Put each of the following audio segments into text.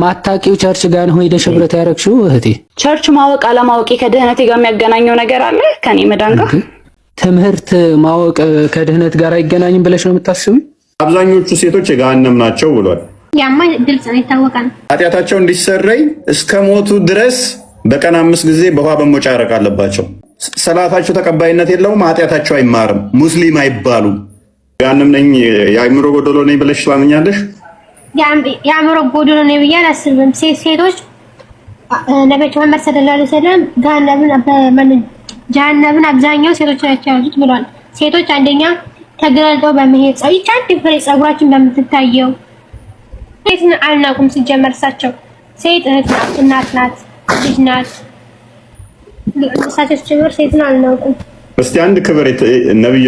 ማታቂው ቸርች ጋር ነው ሄደሽ ህብረት ያደረግሽው እህቴ? ቸርች ማወቅ አለማወቅ ከድህነቴ ጋር የሚያገናኘው ነገር አለ ከኔ መዳን ጋር? ትምህርት ማወቅ ከድህነት ጋር አይገናኝም ብለሽ ነው የምታስቡ? አብዛኞቹ ሴቶች የገሃነም ናቸው ብሏል። ያማ ግልጽ ነው፣ ይታወቃል። ኃጢአታቸው እንዲሰረይ እስከ ሞቱ ድረስ በቀን አምስት ጊዜ በውሃ ያረቅ አለባቸው። ሰላታቸው ተቀባይነት የለውም። ኃጢአታቸው አይማርም። ሙስሊም አይባሉም። ገሃነም ነኝ የአእምሮ ጎደሎ ነኝ ብለሽ ትላምኛለሽ? የአእምሮ ጎድሎ ነው ብዬ አላስብም። ሴቶች ነቢያችን መሐመድ ሰለላሁ ዐለይሂ ወሰለም ጀሃነምን አብዛኛው ሴቶች ናቸው ያሉት ብሏል። ሴቶች አንደኛ ተገለልጠው በመሄድ ጸይቻ ዲፍሬ ጸጉራችን በምትታየው ሴትን አልናቁም። ሲጀመር እሳቸው ሴት እህት ናት፣ እናት ናት፣ ልጅ ናት። እሳቸው ሲጀመር ሴትን አልናቁም። እስቲ አንድ ክብር ነብዩ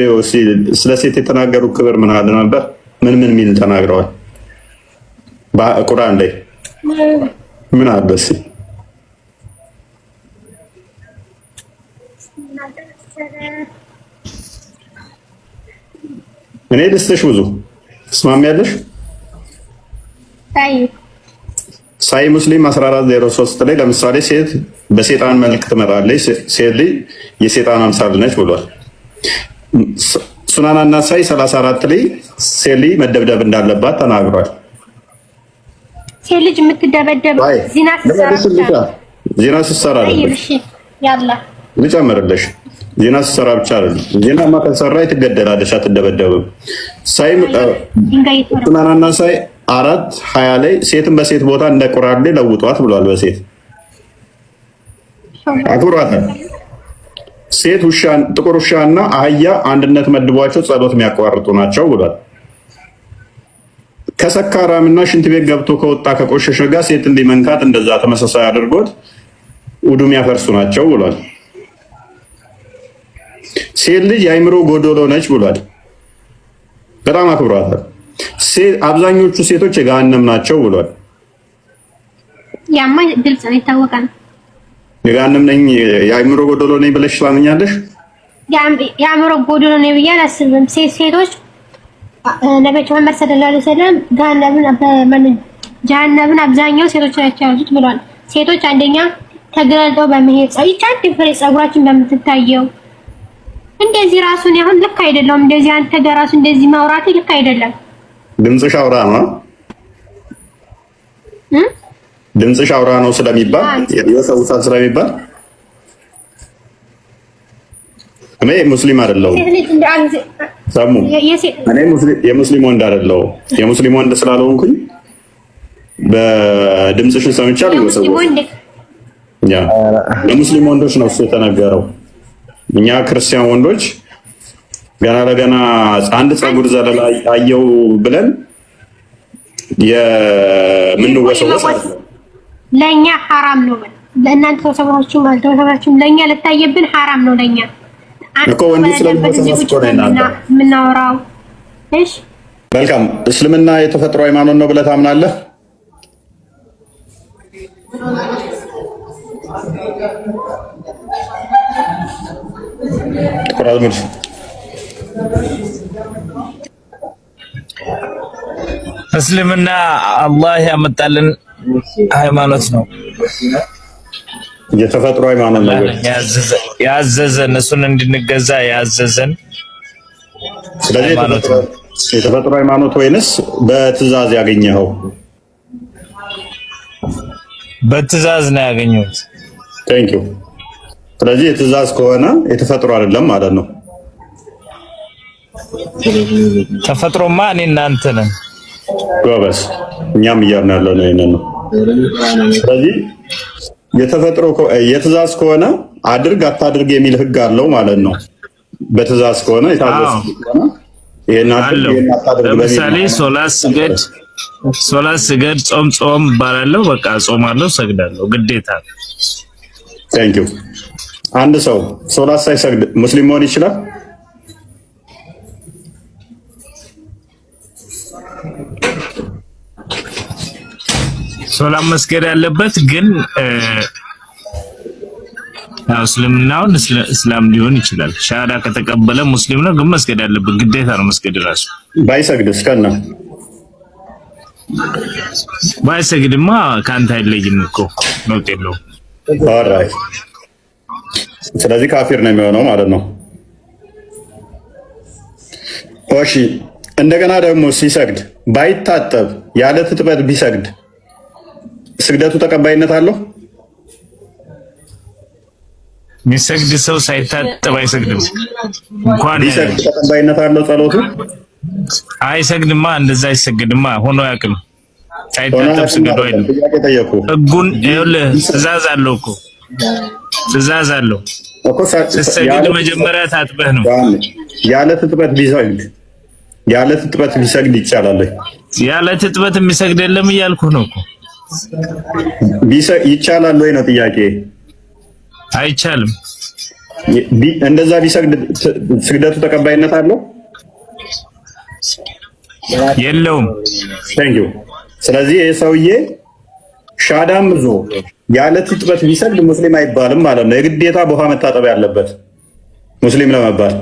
ስለ ሴት የተናገሩ ክብር ምን አለ ነበር? ምን ምን ሚል ተናግረዋል? ቁርአን ላይ ምን አበስ እኔ ልስጥሽ ብዙ ትስማሚያለሽ? ሳይ ሙስሊም 1403 ላይ ለምሳሌ ሴት በሴጣን መልክ ትመጣለች፣ ሴት ልጅ የሴጣን አምሳል ነች ብሏል። ሱናናና ሳይ 34 ላይ ሴት ልጅ መደብደብ እንዳለባት ተናግሯል። ሴት ልጅ የምትደበደብ ዚና ስትሰራ ዜና ስትሰራ ልጨምርልሽ፣ ዜና ስትሰራ ብቻ አይደለም። ዜናማ ከሰራች ትገደላለች፣ አትደበደብም። ሳይ ትናናና ሳይ አራት ሀያ ላይ ሴትን በሴት ቦታ እንደ ቁራሌ ለውጧት ብሏል። በሴት አኩራታል። ሴት ውሻ፣ ጥቁር ውሻ እና አህያ አንድነት መድቧቸው ጸሎት የሚያቋርጡ ናቸው ብሏል። ከሰካራም እና ሽንት ቤት ገብቶ ከወጣ ከቆሸሸ ጋር ሴት መንካት እንደዛ ተመሳሳይ አድርጎት ውዱም ያፈርሱ ናቸው ብሏል። ሴት ልጅ የአይምሮ ጎዶሎ ነች ብሏል። በጣም አክብሯታል። አብዛኞቹ ሴቶች የገሃነም ናቸው ብሏል። ያማ ግልጽ ነው፣ ይታወቃል። የገሃነም ነኝ የአይምሮ ጎዶሎ ነኝ ብለሽ ትላምኛለሽ? የአይምሮ ጎዶሎ ነኝ ብዬ አላስብም። ሴቶች ነቢያችን መሐመድ ሰለላሁ ዐለይሂ ወሰለም ጀሃነምን አብዛኛው ሴቶች ናቸው ያዙት ብሏል። ሴቶች አንደኛ ተገልጠው በመሄድ ጸይቻ ፍሬ ጸጉራችን በምትታየው እንደዚህ ራሱን ያሁን ልክ አይደለም። እንደዚህ አንተ ጋር ራሱ እንደዚህ ማውራት ልክ አይደለም። ድምፅሽ አውራ ነው ድምፅሽ አውራ ነው ስለሚባል የሰውሳት ስለሚባል እኔ ሙስሊም አይደለሁም። ሰሙ እኔ የሙስሊም ወንድ አደለው የሙስሊም ወንድ ስላልሆንኩኝ በድምፅሽን ሰምቻል። ለሙስሊም ወንዶች ነው እሱ የተነገረው። እኛ ክርስቲያን ወንዶች ገና ለገና አንድ ፀጉር ዘለላ አየው ብለን የምንወሰወስ ለእኛ ሐራም ነው። ለእናንተ ተሰብራችሁ አልተሰብራችሁም፣ ለእኛ ልታየብን ሐራም ነው ለእኛ እኮ ወንዱ ስለምናወራው እሺ፣ መልካም እስልምና የተፈጥሮ ሃይማኖት ነው ብለህ ታምናለህ? እስልምና አላህ ያመጣልን ሃይማኖት ነው። የተፈጥሮ ሃይማኖት ነገር ያዘዘን እሱን እንድንገዛ ያዘዘን። ስለዚህ የተፈጥሮ ሃይማኖት ወይንስ በትዕዛዝ ያገኘኸው? በትዕዛዝ ነው ያገኘሁት። ቴንክ ዩ። ስለዚህ የትዕዛዝ ከሆነ የተፈጥሮ አይደለም ማለት ነው። ተፈጥሮማ እኔ እናንተ ነን። ጎበስ፣ እኛም እያልን ያለው ነው ይሄንን ነው። ስለዚህ የተፈጥሮ የትእዛዝ ከሆነ አድርግ አታድርግ የሚል ህግ አለው ማለት ነው። በትእዛዝ ከሆነ ለምሳሌ ሶላት ስገድ፣ ሶላት ስገድ፣ ጾም ጾም እባላለሁ። በቃ ጾማለሁ፣ ሰግዳለሁ፣ ግዴታ ነው። ታንኪዩ። አንድ ሰው ሶላት ሳይሰግድ ሙስሊም መሆን ይችላል? ሶላም መስገድ ያለበት ግን ያው እስልምናውን እስላም ሊሆን ይችላል። ሻዳ ከተቀበለ ሙስሊም ነው፣ ግን መስገድ ያለበት ግዴታ ነው። መስገድ ራሱ ባይሰግድ እስከና ባይሰግድማ ከአንተ አይለይም እኮ ነውጥ የለውም። ኦልራይት ስለዚህ ካፊር ነው የሚሆነው ማለት ነው። እሺ እንደገና ደግሞ ሲሰግድ ባይታጠብ ያለ ትጥበት ቢሰግድ ስግደቱ ተቀባይነት አለው። የሚሰግድ ሰው ሳይታጠብ አይሰግድም። እንኳን ቢሰግድ ተቀባይነት አለው ጸሎቱ። አይሰግድማ፣ እንደዛ አይሰግድማ። ሆኖ ያቅም ሳይታጠብ ስግዶ አይደለም። ህጉን ይኸውልህ፣ ትእዛዝ አለው እኮ ትእዛዝ አለው እኮ። ስትሰግድ መጀመሪያ ታጥበህ ነው። ያለ ትጥበት ቢሰግድ ያለ ትጥበት ቢሰግድ ይቻላል። ያለ ትጥበት የሚሰግድ የለም እያልኩህ ነው እኮ ይቻላል ወይ ነው ጥያቄ። አይቻልም። እንደዛ ቢሰግድ ስግደቱ ተቀባይነት አለው የለውም? ዩ። ስለዚህ ይሄ ሰውዬ ሻዳም ብዙ ያለ ትጥበት ቢሰግድ ሙስሊም አይባልም ማለት ነው። የግዴታ በውሃ መታጠብ ያለበት ሙስሊም ለመባል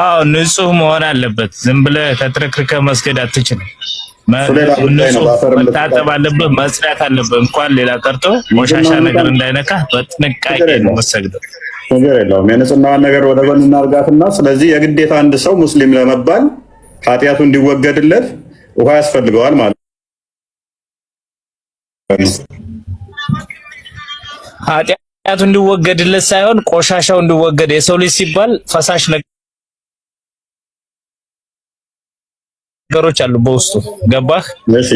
አዎ፣ ንጹህ መሆን አለበት። ዝም ብለህ ተትረክርከ መስገድ አትችልም። መታጠብ አለበት፣ መጽዳት አለበት። እንኳን ሌላ ቀርቶ ቆሻሻ ነገር እንዳይነካ በጥንቃቄ ነው መሰግደው። ነገር የለውም። የንጽህናዋን ነገር ወደ ጎን እናርጋትና፣ ስለዚህ የግዴታ አንድ ሰው ሙስሊም ለመባል ኃጢአቱ እንዲወገድለት ውሃ ያስፈልገዋል ማለት ኃጢአቱ እንዲወገድለት ሳይሆን ቆሻሻው እንዲወገድ የሰው ልጅ ሲባል ፈሳሽ ነገር ነገሮች አሉ በውስጡ ገባህ።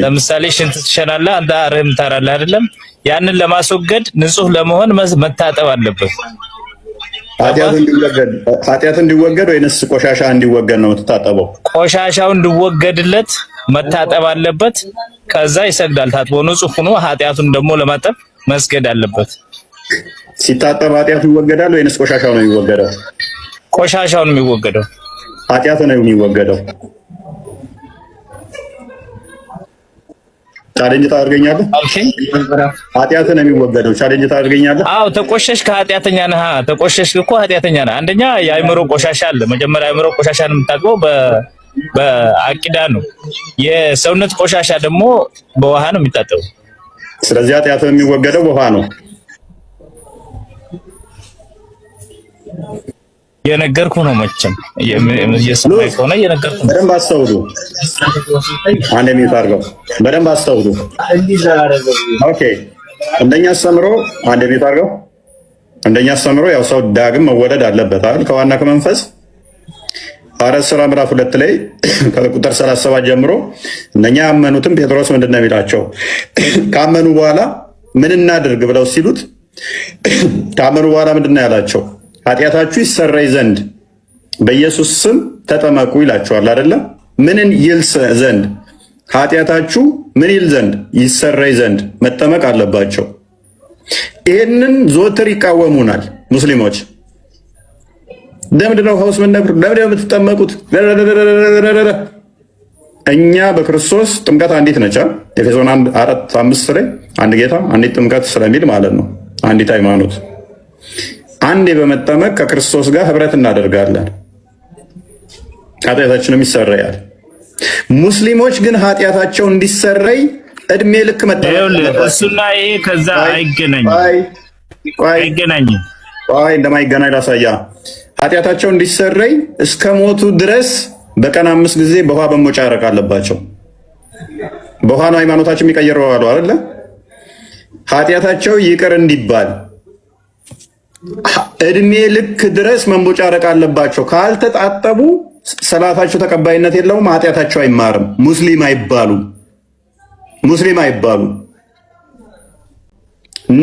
ለምሳሌ ሽንት ትሸናለህ አንተ አርህም ታራለህ አይደለም? ያንን ለማስወገድ ንጹህ ለመሆን መታጠብ አለበት። ኃጢአት እንዲወገድ ወይንስ ቆሻሻ እንዲወገድ ነው የምትታጠበው? ቆሻሻው እንዲወገድለት መታጠብ አለበት። ከዛ ይሰግዳል ታጥቦ ንጹህ ሆኖ፣ ኃጢአቱን ደግሞ ለማጠብ መስገድ አለበት። ሲታጠብ ኃጢአቱ ይወገዳል ወይንስ ቆሻሻው ነው የሚወገደው? ቆሻሻው ነው የሚወገደው። ኃጢአቱ ነው የሚወገደው። ቻሌንጅ ታደርገኛለህ? ነው የሚወገደው ቻሌንጅ ታደርገኛለህ? አዎ ተቆሸሽክ፣ ኃጢአተኛ ነህ። ተቆሸሽክ እኮ ኃጢአተኛ ነህ። አንደኛ የአይምሮ ቆሻሻ አለ። መጀመሪያ ቆሻሻ ነው ቆሻሻን በ በአቂዳ ነው። የሰውነት ቆሻሻ ደግሞ በውሃ ነው የሚታጠበው። ስለዚህ ኃጢአትን የሚወገደው በውሃ ነው። የነገርኩ ነው መቼም የሰማይ ከሆነ የነገርኩ ነው። በደንብ አስተውሉ። አንድ የሚፈርገው በደንብ አስተውሉ። ኦኬ እንደኛ አስተምሮ አንድ የሚፈርገው እንደኛ አስተምሮ ያው ሰው ዳግም መወለድ አለበት አይደል? ከዋና ከመንፈስ ሐዋርያት ሥራ ምዕራፍ ሁለት ላይ ከቁጥር 37 ጀምሮ እነኛ ያመኑትም ጴጥሮስ ምንድን ነው የሚላቸው? ካመኑ በኋላ ምን እናድርግ ብለው ሲሉት ካመኑ በኋላ ምንድን ነው ያላቸው? ኃጢአታችሁ ይሰረይ ዘንድ በኢየሱስ ስም ተጠመቁ ይላችኋል አይደለም? ምንን ይል ዘንድ ኃጢአታችሁ ምን ይል ዘንድ ይሰረይ ዘንድ መጠመቅ አለባቸው። ይህንን ዞትር ይቃወሙናል ሙስሊሞች። ለምንድነው ሀውስ ምነብር ለምንድነው የምትጠመቁት? እኛ በክርስቶስ ጥምቀት አንዲት ነቻ ኤፌሶን አራት አምስት ላይ አንድ ጌታ አንዲት ጥምቀት ስለሚል ማለት ነው አንዲት ሃይማኖት አንዴ በመጠመቅ ከክርስቶስ ጋር ህብረት እናደርጋለን፣ ኃጢአታችንም ይሰረያል። ሙስሊሞች ግን ኃጢአታቸው እንዲሰረይ እድሜ ልክ መጠመቅ ይሄ ከዛ አይገናኝም አይገናኝም። ቆይ እንደማይገናኝ ላሳያ። ኃጢአታቸው እንዲሰረይ እስከ ሞቱ ድረስ በቀን አምስት ጊዜ በውሃ በመጫረቅ አለባቸው። በውሃ ነው ሃይማኖታቸው የሚቀየረው አሉ አይደለ? ኃጢአታቸው ይቅር እንዲባል እድሜ ልክ ድረስ መንቦጫረቅ አለባቸው። ካልተጣጠቡ ሰላታቸው ተቀባይነት የለውም፣ ኃጢአታቸው አይማርም፣ ሙስሊም አይባሉ። ሙስሊም አይባሉ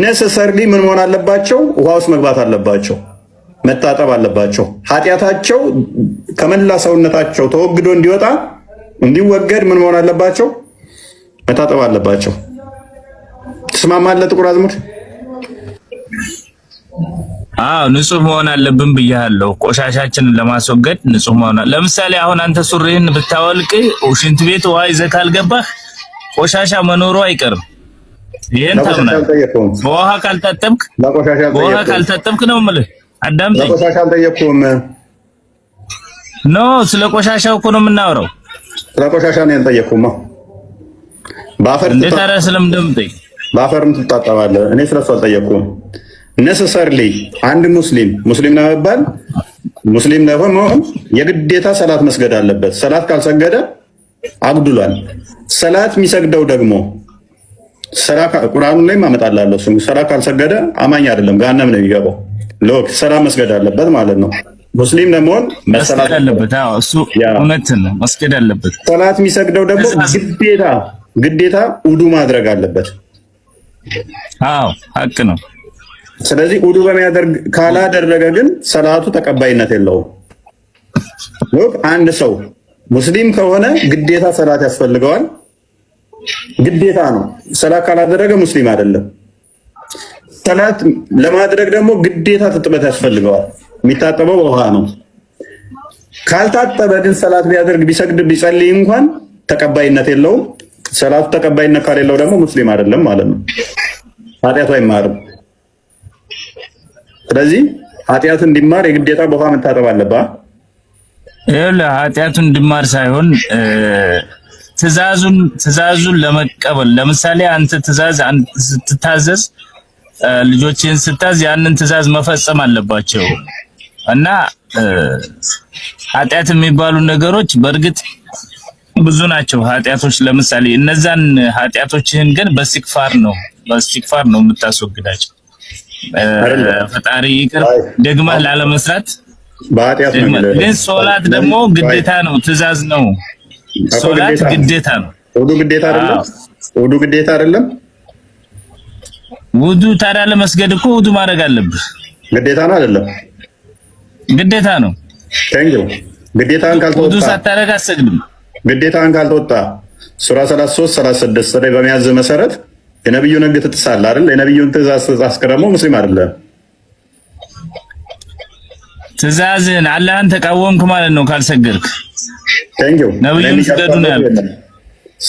ነሰሰርሊ ምን መሆን አለባቸው? ውሃ ውስጥ መግባት አለባቸው፣ መታጠብ አለባቸው። ኃጢአታቸው ከመላ ሰውነታቸው ተወግዶ እንዲወጣ እንዲወገድ ምን መሆን አለባቸው? መታጠብ አለባቸው። ትስማማለህ? ጥቁር አዝሙድ አዎ ንጹህ መሆን አለብን ብያለሁ። ቆሻሻችንን ለማስወገድ ንጹህ መሆን ለምሳሌ አሁን አንተ ሱሪህን ብታወልቅ ሽንት ቤት ውሃ ይዘህ ካልገባህ ቆሻሻ መኖሩ አይቀርም። ይሄን ታምናለህ። በውሃ ካልታጠብክ በውሃ ካልታጠብክ ነው የምልህ። አዳምጠኝ። ለቆሻሻ አልጠየቅኩም። ኖ ስለ ቆሻሻው እኮ ነው የምናወራው። ስለ ቆሻሻ ነው ያልጠየቅኩማ። ባፈር እንዴት አረ ስለምደምጠኝ ባፈርም ትጣጣባለህ። እኔ ስለሱ አልጠየቅኩም። ነሰሰርሊ አንድ ሙስሊም ሙስሊም ለመባል ሙስሊም ለመሆን የግዴታ ሰላት መስገድ አለበት። ሰላት ካልሰገደ አጉድሏል። ሰላት የሚሰግደው ደግሞ ሰላ ቁርአኑ ላይ ማመጣላለሁ እሱ ሰላት ካልሰገደ አማኝ አይደለም፣ ጋነም ነው የሚገባው። ለወቅ ሰላት መስገድ አለበት ማለት ነው። ሙስሊም ለመሆን መስገድ አለበት። አዎ እሱ እውነት ነው፣ መስገድ አለበት። ሰላት የሚሰግደው ደግሞ ግዴታ ግዴታ ውዱ ማድረግ አለበት። አዎ ሀቅ ነው። ስለዚህ ውዱ በሚያደርግ ካላደረገ ግን ሰላቱ ተቀባይነት የለውም። አንድ ሰው ሙስሊም ከሆነ ግዴታ ሰላት ያስፈልገዋል። ግዴታ ነው። ሰላት ካላደረገ ሙስሊም አይደለም። ሰላት ለማድረግ ደግሞ ግዴታ ትጥበት ያስፈልገዋል። የሚታጠበው በውሃ ነው። ካልታጠበ ግን ሰላት ቢያደርግ ቢሰግድ ቢጸልይ እንኳን ተቀባይነት የለውም። ሰላቱ ተቀባይነት ከሌለው ደግሞ ሙስሊም አይደለም ማለት ነው። ኃጢአቱ አይማርም። ስለዚህ ኃጢአት እንዲማር የግዴታ በውሃ መታጠብ አለብህ። ይኸውልህ ኃጢአቱን እንዲማር ሳይሆን ትዛዙን ትእዛዙን ለመቀበል ለምሳሌ አንተ ትእዛዝ ስትታዘዝ ልጆችን ስታዝ ያንን ትዛዝ መፈጸም አለባቸው እና ኃጢአት የሚባሉ ነገሮች በእርግጥ ብዙ ናቸው ኃጢአቶች። ለምሳሌ እነዛን ኃጢአቶችህን ግን በስቲክፋር ነው በስቲክፋር ነው የምታስወግዳቸው። ፈጣሪ ይቅር። ደግመህ ላለመስራት ግን ሶላት ደግሞ ግዴታ ነው፣ ትእዛዝ ነው። ሶላት ግዴታ ነው። ውዱ ግዴታ አይደለም። ውዱ ግዴታ አይደለም። ውዱ ታዲያ ለመስገድ እኮ ውዱ ማድረግ አለብህ። ግዴታ ነው አይደለም? ግዴታ ነው። ታንኪው ግዴታን ካልተወጣ ውዱ ሳታደርግ አትሰግድም። ግዴታን ካልተወጣ ሱራ 33 36 ላይ በሚያዝ መሰረት የነቢዩን ህግ ትጥሳለህ አይደል? የነቢዩን ትእዛዝ ተጣስክ ሙስሊም አይደለም። ትእዛዝን አላህን ተቃወምክ ማለት ነው ካልሰገድክ። ቴንኪው ነብዩን ስገዱ ነው ያለው።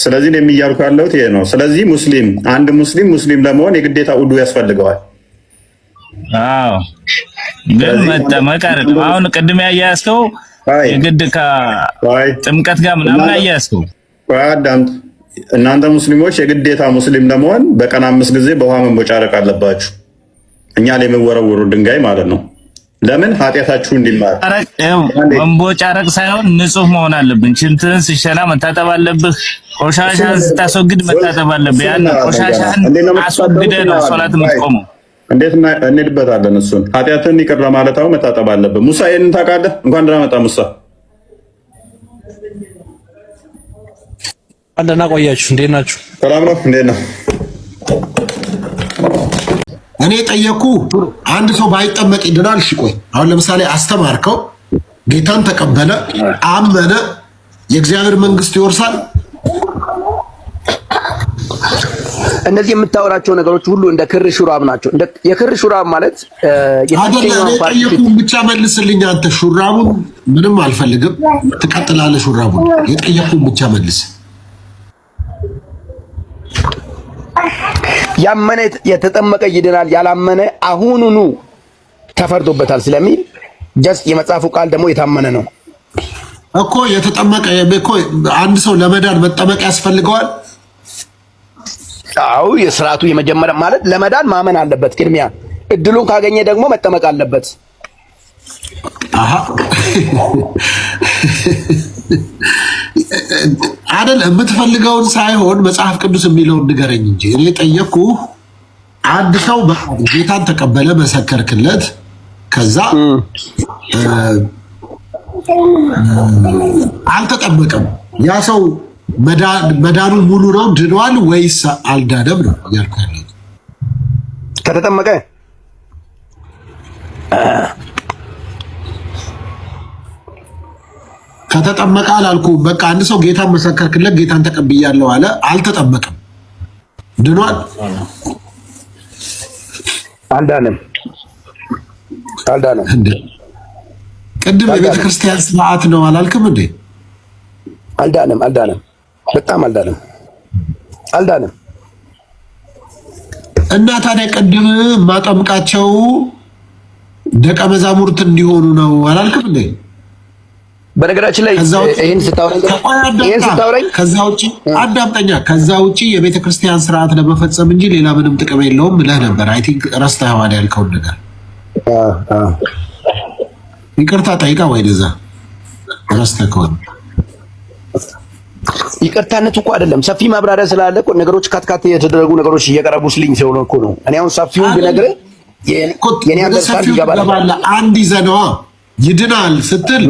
ስለዚህ እኔም እያልኩ ያለሁት ይሄ ነው። ስለዚህ ሙስሊም አንድ ሙስሊም ሙስሊም ለመሆን የግዴታ ኡዱ ያስፈልገዋል። አዎ ግን መጠመቅ አይደለም። አሁን ቅድም ያያዝከው የግድ ከጥምቀት ጋር ምናምን አያያዝከው አዳምጥ እናንተ ሙስሊሞች የግዴታ ሙስሊም ለመሆን በቀን አምስት ጊዜ በውሃ መቦጫረቅ አለባችሁ። እኛ ላይ የምወረውሩ ድንጋይ ማለት ነው። ለምን ኃጢአታችሁ እንዲማር መንቦጫረቅ ሳይሆን ንጹህ መሆን አለብን። ችንትን ሲሸና መታጠብ አለብህ። ቆሻሻ ስታስወግድ መታጠብ አለብህ። ያን ቆሻሻን አስወግደ ነው ሶላት የምትቆመው። እንዴት እንሄድበታለን? እሱን ኃጢአትን ይቅር ለማለት መታጠብ አለብህ። ሙሳ ይህንን ታውቃለህ? እንኳን ደህና መጣ ሙሳ አለና ቆያችሁ። እንዴት ናችሁ? ሰላም ነው። እንዴት ነው? እኔ ጠየኩ። አንድ ሰው ባይጠመቅ ይድናል? እሺ ቆይ አሁን ለምሳሌ አስተማርከው፣ ጌታን ተቀበለ፣ አመነ፣ የእግዚአብሔር መንግስት ይወርሳል። እነዚህ የምታወራቸው ነገሮች ሁሉ እንደ ክር ሹራብ ናቸው። የክር ሹራብ ማለት የጠየቁን ብቻ መልስልኝ። አንተ ሹራቡን ምንም አልፈልግም። ትቀጥላለህ። ሹራቡን የጠየቁን ብቻ መልስ ያመነ የተጠመቀ ይድናል፣ ያላመነ አሁኑኑ ተፈርዶበታል ስለሚል ጀስ የመጽሐፉ ቃል ደግሞ የታመነ ነው እኮ የተጠመቀ እኮ አንድ ሰው ለመዳን መጠመቅ ያስፈልገዋል። አዎ የስርዓቱ የመጀመሪያ ማለት ለመዳን ማመን አለበት። ቅድሚያ እድሉን ካገኘ ደግሞ መጠመቅ አለበት። አሃ አደል የምትፈልገውን ሳይሆን መጽሐፍ ቅዱስ የሚለውን ንገረኝ እንጂ እኔ ጠየቅኩ። አንድ ሰው ጌታን ተቀበለ፣ መሰከርክለት። ከዛ አልተጠመቀም። ያ ሰው መዳኑ ሙሉ ነው ድኗል ወይስ አልዳነም ነው እያልኩ ያለ ከተጠመቀ ከተጠመቀ አላልኩ። በቃ አንድ ሰው ጌታ መሰከርክለት፣ ጌታን ተቀብያለሁ አለ። አልተጠመቀም፣ ድኗል፣ አልዳንም፣ አልዳንም። ቅድም የቤተ ክርስቲያን ስርዓት ነው አላልክም እንዴ? አልዳንም፣ አልዳንም፣ በጣም አልዳንም፣ አልዳንም። እና ታዲያ ቅድም ማጠምቃቸው ደቀ መዛሙርት እንዲሆኑ ነው አላልክም እንዴ? በነገራችን ላይ ይህን ስታወራኝ ከዛ ውጭ አዳምጠኛ፣ ከዛ ውጭ የቤተ ክርስቲያን ስርዓት ለመፈጸም እንጂ ሌላ ምንም ጥቅም የለውም ብለህ ነበር። አይ ቲንክ ረስተኸዋል ያልከውን ነገር ይቅርታ ጠይቃ ወይ ደዛ ረስተህ ከሆነ ይቅርታነት እኮ አይደለም። ሰፊ ማብራሪያ ስላለ ነገሮች ካትካት የተደረጉ ነገሮች እየቀረቡ ስልኝ ስለሆነ እኮ ነው። እኔ አሁን ሰፊውን ብነግርህ የኔ አንድ ይዘነዋ ይድናል ስትል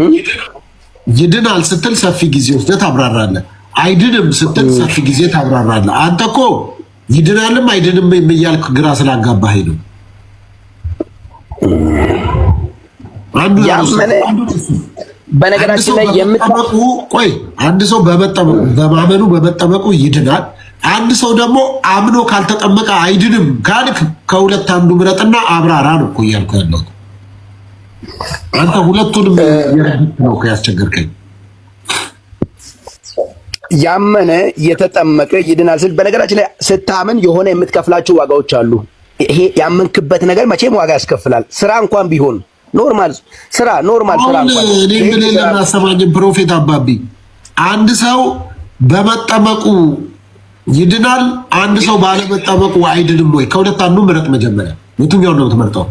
ይድናል ስትል ሰፊ ጊዜ ወስደህ ታብራራለህ። አይድንም ስትል ሰፊ ጊዜ ታብራራለህ። አንተ እኮ ይድናልም አይድንም እያልክ ግራ ስላጋባህ ነው። ቆይ አንድ ሰው በማመኑ በመጠመቁ ይድናል። አንድ ሰው ደግሞ አምኖ ካልተጠመቀ አይድንም ካልክ ከሁለት አንዱ ምረጥና አብራራ ነው እኮ እያልኩ ያለሁት። አንተ ሁለቱንም ነው ያስቸገርከኝ። ያመነ የተጠመቀ ይድናል ስል በነገራችን ላይ ስታምን የሆነ የምትከፍላቸው ዋጋዎች አሉ። ይሄ ያመንክበት ነገር መቼም ዋጋ ያስከፍላል። ስራ እንኳን ቢሆን ኖርማል ስራ ኖርማል ስራ እንኳን እኔ ምን ፕሮፌት አባቢ አንድ ሰው በመጠመቁ ይድናል፣ አንድ ሰው ባለመጠመቁ አይድንም ወይ? ከሁለት አንዱ ምረጥ። መጀመሪያ የትኛውን ነው የምትመርጠው?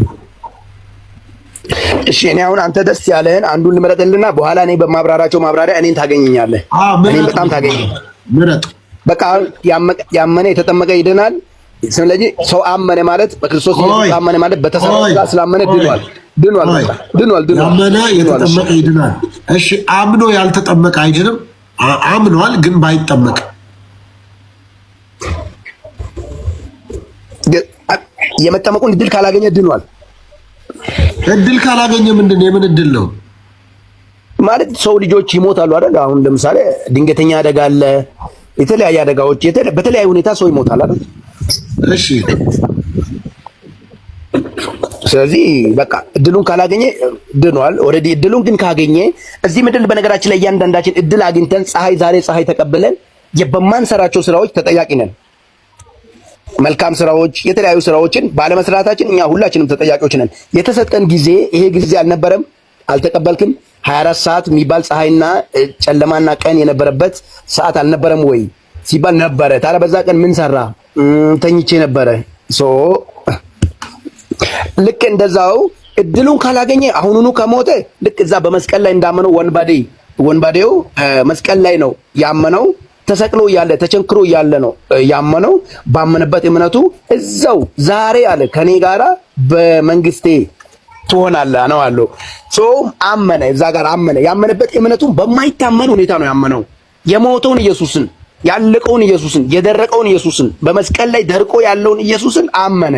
እሺ እኔ አሁን አንተ ደስ ያለህን አንዱን ልምረጥልህና በኋላ እኔ በማብራራቸው ማብራሪያ እኔን ታገኘኛለህ። እኔን በጣም ታገኘኛለህ። ምረጥ። በቃ ያመነ የተጠመቀ ይድናል። ስለዚህ ሰው አመነ ማለት በክርስቶስ አመነ ማለት በተሰራ ስላመነ ድኗል። ድኗል። ድኗል። ድኗል። ያመነ የተጠመቀ ይድናል። እሺ አምኖ ያልተጠመቀ አይድንም። አምኗል ግን ባይጠመቅ የመጠመቁን ድል ካላገኘ ድኗል። እድል ካላገኘ ምንድን ነው? የምን እድል ነው ማለት? ሰው ልጆች ይሞታሉ አይደል? አሁን ለምሳሌ ድንገተኛ አደጋ አለ፣ የተለያየ አደጋዎች፣ በተለያየ ሁኔታ ሰው ይሞታል አይደል? እሺ። ስለዚህ በቃ እድሉን ካላገኘ ድኗል። ኦልሬዲ እድሉን ግን ካገኘ እዚህ ምድር በነገራችን ላይ እያንዳንዳችን እድል አግኝተን ፀሐይ ዛሬ ፀሐይ ተቀብለን በማንሰራቸው ስራዎች ተጠያቂ ነን። መልካም ስራዎች፣ የተለያዩ ስራዎችን ባለመስራታችን እኛ ሁላችንም ተጠያቂዎች ነን። የተሰጠን ጊዜ ይሄ ጊዜ አልነበረም፣ አልተቀበልክም። 24 ሰዓት የሚባል ፀሐይና ጨለማና ቀን የነበረበት ሰዓት አልነበረም ወይ ሲባል ነበረ። ታዲያ በዛ ቀን ምን ሰራ? ተኝቼ ነበረ። ሶ ልክ እንደዛው እድሉን ካላገኘ አሁኑኑ ከሞተ ልክ እዛ በመስቀል ላይ እንዳመነው ወንባዴ ወንባዴው መስቀል ላይ ነው ያመነው ተሰቅሎ እያለ ተቸንክሮ እያለ ነው ያመነው። ባመነበት እምነቱ እዛው ዛሬ አለ ከኔ ጋራ በመንግስቴ ትሆናለ ነው አለው። ሰውም አመነ፣ እዛ ጋር አመነ። ያመነበት እምነቱ በማይታመን ሁኔታ ነው ያመነው። የሞተውን ኢየሱስን፣ ያለቀውን ኢየሱስን፣ የደረቀውን ኢየሱስን፣ በመስቀል ላይ ደርቆ ያለውን ኢየሱስን አመነ።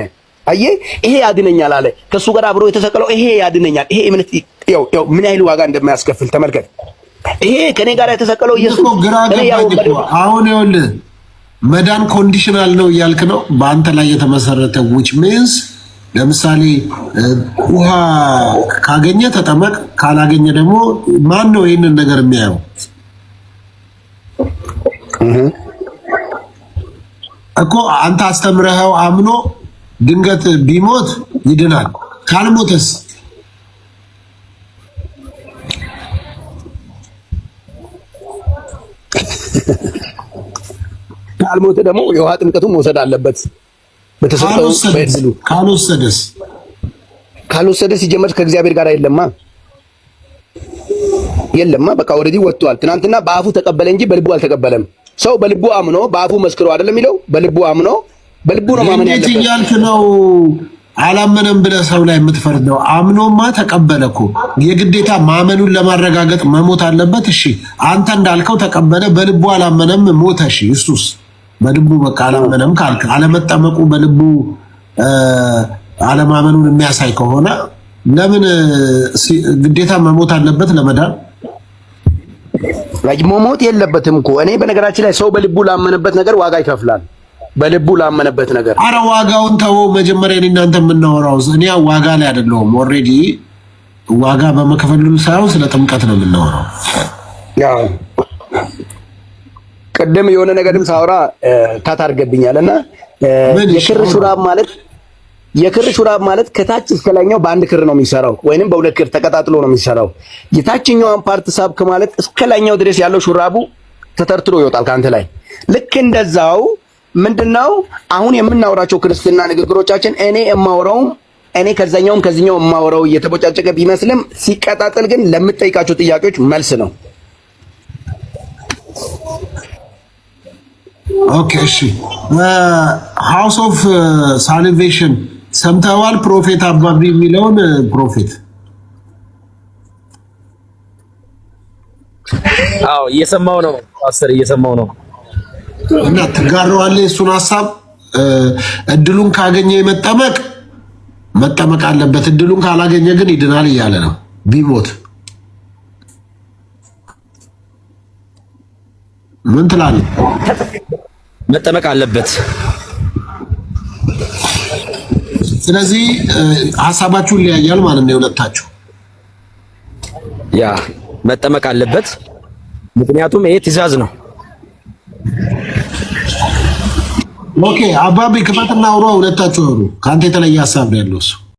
አየ ይሄ ያድነኛል አለ። ከሱ ጋር አብሮ የተሰቀለው ይሄ ያድነኛል። ይሄ እምነት ያው ምን ያህል ዋጋ እንደማያስከፍል ተመልከት። ይሄ ከኔ ጋር የተሰቀለው ኢየሱስ ግራ አሁን ይኸውልህ መዳን ኮንዲሽናል ነው እያልክ ነው። በአንተ ላይ የተመሰረተ ዊች ሚንስ ለምሳሌ ውሃ ካገኘ ተጠመቅ፣ ካላገኘ ደግሞ ማን ነው ይህንን ነገር የሚያየው? እኮ አንተ አስተምረኸው አምኖ ድንገት ቢሞት ይድናል። ካልሞተስ ከሞተ ደግሞ የውሃ ጥምቀቱ መውሰድ አለበት። በተሰጠው በእድሉ ካልወሰደስ ካልወሰደ ሲጀመር ከእግዚአብሔር ጋር የለማ የለማ በቃ ወደዚህ ወጥቷል። ትናንትና በአፉ ተቀበለ እንጂ በልቡ አልተቀበለም። ሰው በልቡ አምኖ በአፉ መስክሮ አይደለም የሚለው በልቡ አምኖ በልቡ ነው ማመን ያለበት። እያልክ ነው አላመነም ብለህ ሰው ላይ የምትፈርደው። አምኖማ ተቀበለ እኮ የግዴታ ማመኑን ለማረጋገጥ መሞት አለበት። እሺ አንተ እንዳልከው ተቀበለ፣ በልቡ አላመነም ሞተ። እሺ እሱስ በልቡ በቃ አላመነም ካልክ አለመጠመቁ በልቡ አለማመኑን የሚያሳይ ከሆነ ለምን ግዴታ መሞት አለበት? ለመዳን መሞት የለበትም እኮ። እኔ በነገራችን ላይ ሰው በልቡ ላመነበት ነገር ዋጋ ይከፍላል። በልቡ ላመነበት ነገር አረ ዋጋውን ተው። መጀመሪያ እኔ እናንተ የምናወራው እኔ ዋጋ ላይ አይደለሁም። ኦልሬዲ ዋጋ በመከፈሉ ሳይሆን ስለ ጥምቀት ነው የምናወራው። ቅድም የሆነ ነገርም ሳውራ ታታርገብኛል እና የክር ሹራብ ማለት የክር ሹራብ ማለት ከታች እስከ ላይኛው በአንድ ክር ነው የሚሰራው፣ ወይንም በሁለት ክር ተቀጣጥሎ ነው የሚሰራው። የታችኛው ፓርት ሳብክ ማለት እስከ ላይኛው ድረስ ያለው ሹራቡ ተተርትሮ ይወጣል ከአንተ ላይ። ልክ እንደዛው ምንድነው አሁን የምናወራቸው ክርስትና ንግግሮቻችን እኔ የማወራውም እኔ ከዛኛውም ከዚኛው የማወራው እየተቦጫጨቀ ቢመስልም ሲቀጣጠል ግን ለምጠይቃቸው ጥያቄዎች መልስ ነው። ኦኬ እሺ፣ ሃውስ ኦፍ ሳልቬሽን ሰምተዋል? ፕሮፌት አባቢ የሚለውን ፕሮፌት አዎ፣ እየሰማው ነው ፓስተር፣ እየሰማው ነው። እና ትጋረዋለህ እሱን ሀሳብ። እድሉን ካገኘ የመጠመቅ መጠመቅ አለበት። እድሉን ካላገኘ ግን ይድናል እያለ ነው ቢሞት ምን ትላለህ? መጠመቅ አለበት። ስለዚህ ሀሳባችሁን ሊያያል ማለት ነው የሁለታችሁ። ያ መጠመቅ አለበት፣ ምክንያቱም ይሄ ትዕዛዝ ነው። ኦኬ አባቢ ክፈትና አውሯ፣ ሁለታችሁ አውሩ። ከአንተ የተለየ ሀሳብ ነው ያለው እሱ